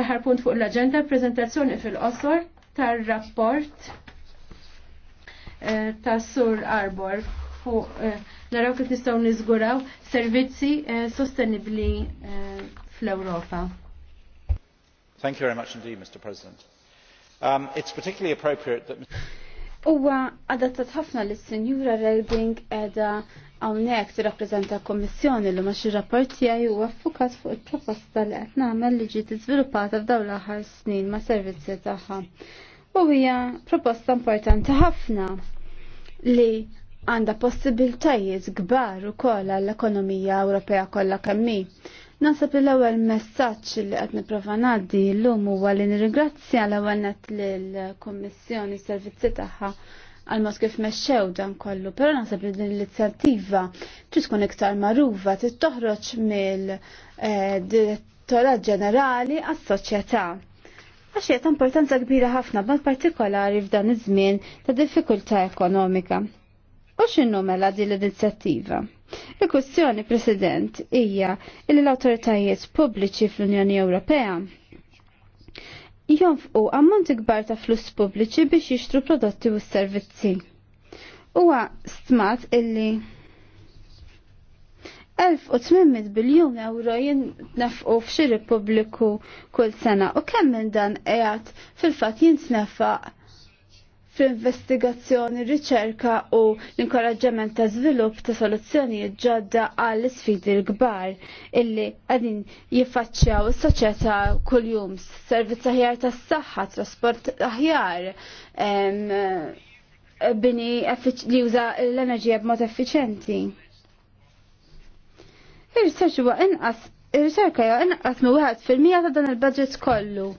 l punt fuq l agenda prezentazzjoni fil-qosor tar-rapport eh, ta' Sur Arbor fuq eh, naraw kif nistgħu niżguraw servizzi eh, sostenibbli fl-Ewropa. Thank you very much indeed, Mr. President. Um, it's particularly appropriate that Uwa adattat ħafna li senjura Relding edha għawnek t-rapprezenta kommissjoni l ma rapporti għaj u għaffukat fuq il-proposta li għetna għamel li ġiet izviluppata f'daw l-aħħar snin ma' servizzi tagħha. U hija proposta importanti ħafna li għanda possibiltajiet gbar u koll għall-ekonomija Ewropea kollha kemmi. Nasab l-ewwel messaġġ li qed nipprova ngħaddi llum huwa li nirringrazzja l-ewwel net lill-Kummissjoni s-servizzi tagħha għal mod kif mexxew dan kollu, però naħseb li din l-inizjattiva trid tkun iktar magħrufa trid toħroġ mill-Direttorat eh, Ġenerali għas-Soċjetà għax importanza kbira ħafna b'mod partikolari f'dan iż-żmien ta' diffikultà ekonomika. U x'inhu mela din l-inizjattiva? Il-kwestjoni, President, hija li l-awtoritajiet pubbliċi fl-Unjoni Ewropea jonfqu ammont kbar ta' flus pubbliċi biex jixtru prodotti u servizzi. Huwa stmat illi 1800 biljun euro jinnefqu f'xi Repubbliku kull sena u kemm minn dan qiegħed fil-fatt jinsnefaq fl-investigazzjoni, riċerka u l-inkoraġġament ta' żvilupp ta' soluzzjonijiet ġodda għall sfidi l-kbar illi qegħdin jiffaċċjaw is-soċjetà kuljum, servizz aħjar tas-saħħa, trasport aħjar, bini li juża l-enerġija b'mod effiċenti. Ir-riċerka inqas ir-riċerka inqas mi wieħed fil-mija ta' dan il-budget kollu.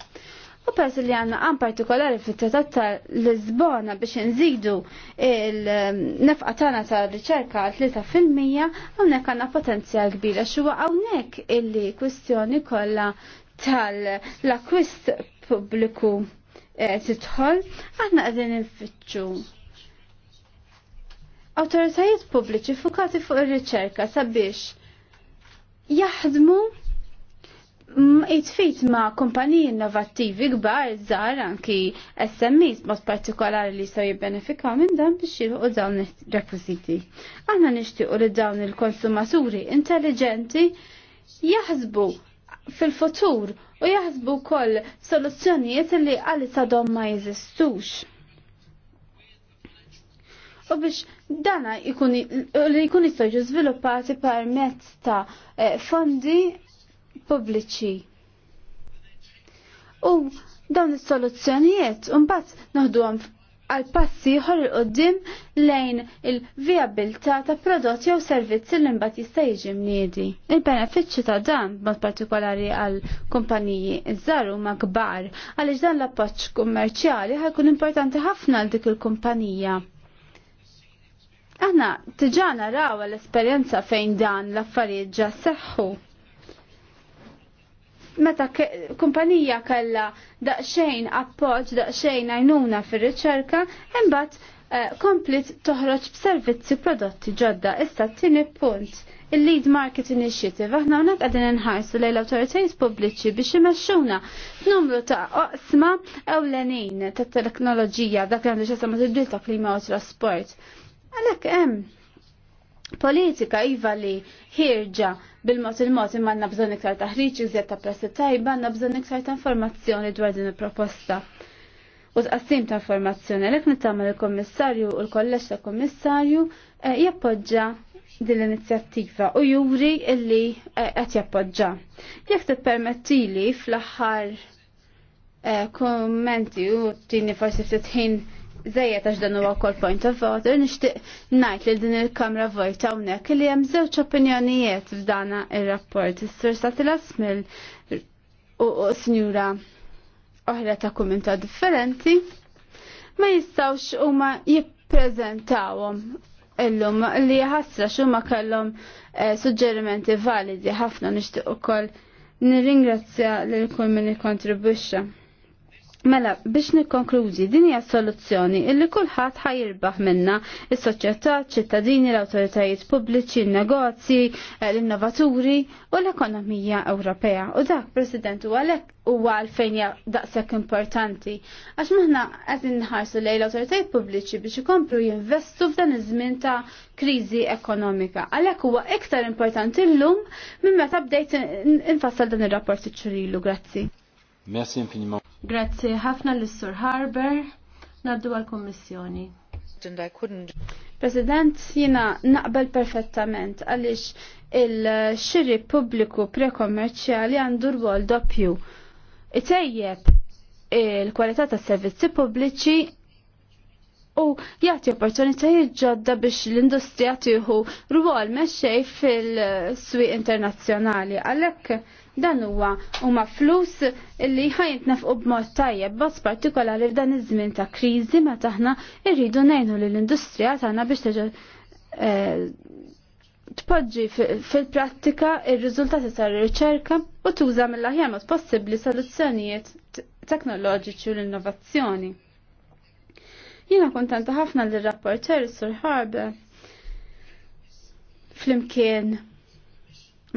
U pers li għanna għan partikolari fit trattat ta' Lisbona biex nżidu il-nefqa tagħna ta' riċerka għal 3% hawnhekk għandna potenzjal kbir għax huwa hawnhekk illi kwistjoni kollha tal-akwist pubbliku eh, titħol għandna qegħdin infittxu. Awtoritajiet pubbliċi fukati fuq ir-riċerka sabiex jaħdmu It-fit ma' kumpaniji innovattivi gbar, żgħar anki SMEs mod partikolari li jistgħu jibbenefikaw minn dan biex jilħu dawn il rekwiżiti Aħna nixtiequ li dawn il-konsumaturi intelligenti jahzbu fil-futur u jahzbu koll soluzzjonijiet li għalli sadom ma jeżistux u biex dana ikun, li jkun jistgħu jiżviluppati permezz ta' eh, fondi pubbliċi. U dawn is-soluzzjonijiet mbagħad naħduhom għal passi ħor il-qoddim lejn il-viabilità ta' prodotti jew servizzi li mbagħad jista' jiġi mniedi. Il-benefiċċju ta' dan mod partikolari għal kumpaniji iż-żar huma kbar għaliex dan l-appoġġ kummerċjali ħajkun importanti ħafna għal dik il-kumpanija. Aħna diġà naraw l-esperjenza fejn dan l-affarijiet ġa seħħu meta kumpanija kalla daqxejn appoġġ, daqxejn għajnuna fir-riċerka, imbagħad eh, komplit toħroġ b'servizzi prodotti ġodda. Issa t-tieni punt il-Lead Market Initiative, aħna unak għadin nħarsu lej l-autoritajiet pubbliċi biex imexxuna f'numru ta' oqsma ewlenin ta' teknoloġija dak li għandu xasama t ta' klima u trasport. Għalhekk hemm politika iva li ħirġa bil-mod il-mod imma għandna bżonn iktar taħriġ iżjed ta' prassi tajba għandna bżonn iktar ta' informazzjoni dwar din il-proposta. U tqassim ta' informazzjoni għalhekk nittamel il-Kommissarju u l kollex ta' Kommissarju eh, jappoġġa din l-inizjattiva u juri illi eh, qed jappoġġa. Jekk tippermettili fl-aħħar eh, kommenti u tini forsi ftit ħin Zejjed għax dan huwa wkoll point of order, nixtieq ngħid li din il-Kamra vojta hawnhekk li hemm żewġ opinjonijiet f'dana ir-rapport. Is-Sur Satilas mill u Sinjura oħra ta' kumenta differenti ma jistawx huma jippreżentawhom illum li ħassra x'huma kellhom eh, suġġerimenti validi ħafna nixtieq ukoll nirringrazzja lil kull min Mela, biex nikkonkludi, din hija soluzzjoni illi kulħadd ħajirbaħ minna is-soċjetà, ċittadini, l-awtoritajiet pubbliċi, n-negozji, eh, l-innovaturi u l-ekonomija Ewropea. U dak, President, u għalhekk huwa għalfejn daqshekk importanti. Għax maħna qed inħarsu lejn l-awtoritajiet pubbliċi biex ikomplu jinvestu f'dan iż-żmien ta' kriżi ekonomika. Għalhekk huwa iktar importanti llum minn meta bdejt infassal dan ir-rapport iċ-ċurilu. Grazzi. Merci infiniment. Grazie ħafna l-Sur Harber, naddu għal-Kommissjoni. President, jina naqbel perfettament għalix il-xirri pubbliku prekommerċjali għandu rwol doppju. Itejjeb il-kwalità tas servizzi pubbliċi u jagħti opportunitajiet ġodda biex l-industrija tieħu rwol mexxej fil-swieq internazzjonali. Għalhekk dan huwa huma flus li ħajntnafqu b'mod tajjeb bas partikolari f'dan iż-żmien ta' kriżi ma taħna irridu ngħinu l industrija tagħna biex teġa' eh, tpoġġi fil-prattika ir-riżultati tar-riċerka u tuża mill-aħjar mod possibbli soluzzjonijiet teknoloġiċi u l-innovazzjoni. Jiena kontenta ħafna li rapporter Sur Harbe flimkien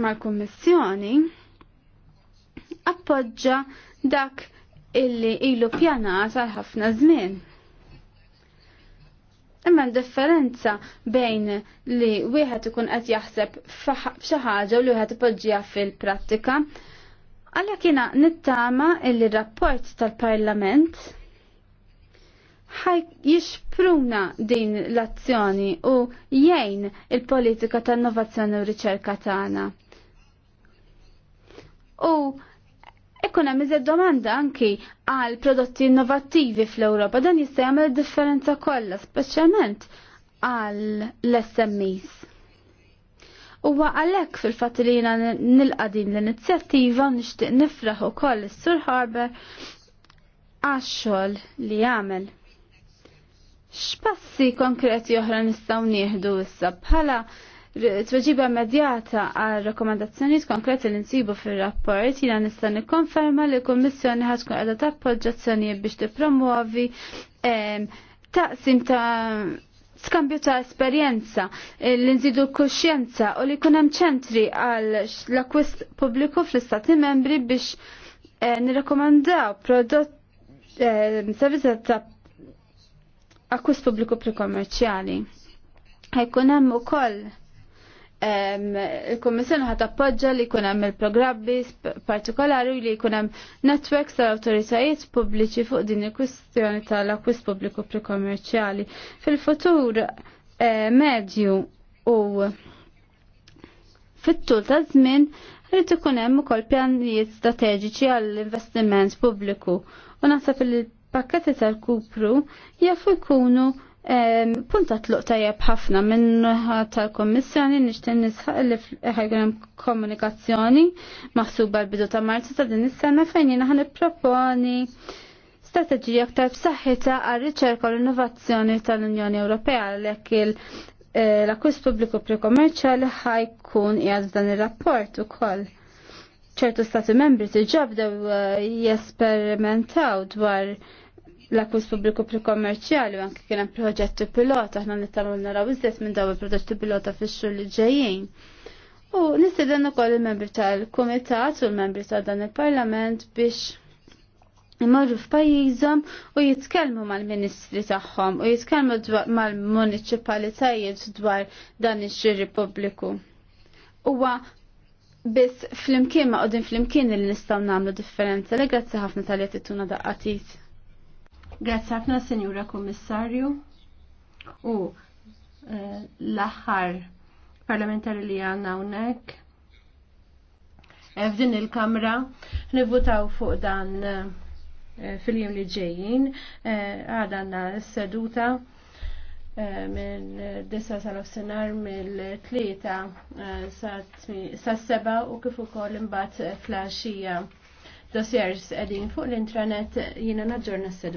mal-Kummissjoni appoġġa dak illi ilu pjana għal ħafna żmien. Imma differenza bejn li wieħed ikun qed jaħseb f'xi ħaġa u li wieħed ipoġġiha fil-prattika, għalhekk jiena nittama illi rapport tal-Parlament jixpruna din l-azzjoni u jgħin il-politika ta' innovazzjoni u riċerka tagħna. U ikkun hemm iżed domanda anki għal prodotti innovattivi fl-Ewropa dan jista' jagħmel differenza kollha, speċjalment għal l-SMEs. U għalek fil-fat li jina nilqa din l-inizjattiva nishtiq nifraħ ukoll koll s-Sur għax għaxxol li għamel. X'passi konkreti oħra nistgħu nieħdu issa bħala tweġiba immedjata għal rekomendazzjonijiet konkreti li nsibu fir-rapport jiena nista' nikkonferma li l-Kummissjoni ħadd tkun qiegħda tappoġġazzjonijiet biex tippromuovi ehm, taqsim ta' skambju ta' esperjenza eh, li nżidu l-kuxjenza u li jkun hemm ċentri għal l-akwist pubbliku fl-istati membri biex eh, nirrekomandaw prodott eh, servizza ta' akkus pubbliku prekommerċjali. Ħajkun hemm ukoll il-Kummissjoni ħat appoġġa li jkun hemm il-programmi partikolari li jkun hemm netwerks tal-awtoritajiet pubbliċi fuq din il-kwistjoni tal-akkwist pubbliku prekommerċjali. Fil-futur eh, medju u fit-tul ta' żmien rrid ikun hemm ukoll pjanijiet strateġiċi għall-investiment pubbliku u naħseb li pakketti tal-kupru jafu jkunu punta tluq tajjeb ħafna minn tal-Kommissjoni nixtieq nisħaq li ħajkun hemm komunikazzjoni maħsuba l-bidu ta' Marzu ta' din is-sena fejn jiena ħan nipproponi strateġija aktar b'saħħitha għar-riċerka u l-innovazzjoni tal-Unjoni Ewropea għalhekk il eh, l-akkwist pubbliku prekommerċjali ħajkun qiegħed f'dan ir-rapport ukoll ċertu stati membri tiġabdew eh, jesperimentaw dwar l-akkus pubbliku pre-kommerċjali, anke kien hemm proġetti pilota, aħna nittamaw naraw iżjed minn daw il-proġetti pilota fix-xhur li ġejjin. U nistieden ukoll il-membri tal-kumitat u l-membri ta' dan il-parlament biex imorru f'pajjiżhom u jitkellmu mal-ministri tagħhom u jitkellmu mal-municipalitajiet dwar dan ix-xiri pubbliku. Huwa biss fl-imkien ma' qudin fl-imkien li nistgħu nagħmlu differenza li grazzi ħafna tal-li tittuna daqqatit. Grazzi ħafna, Senjura Kommissarju. U eh, l-aħħar parlamentari li għanna unnek. Eh, f'din il-kamra nivutaw fuq dan eh, fil-jum li ġejjin għadanna s-seduta minn disa sal senar mill tlieta sa seba u kif ukoll imbagħad flaxija dossiers qegħdin fuq l-intranet jiena naġġorna s-seduta.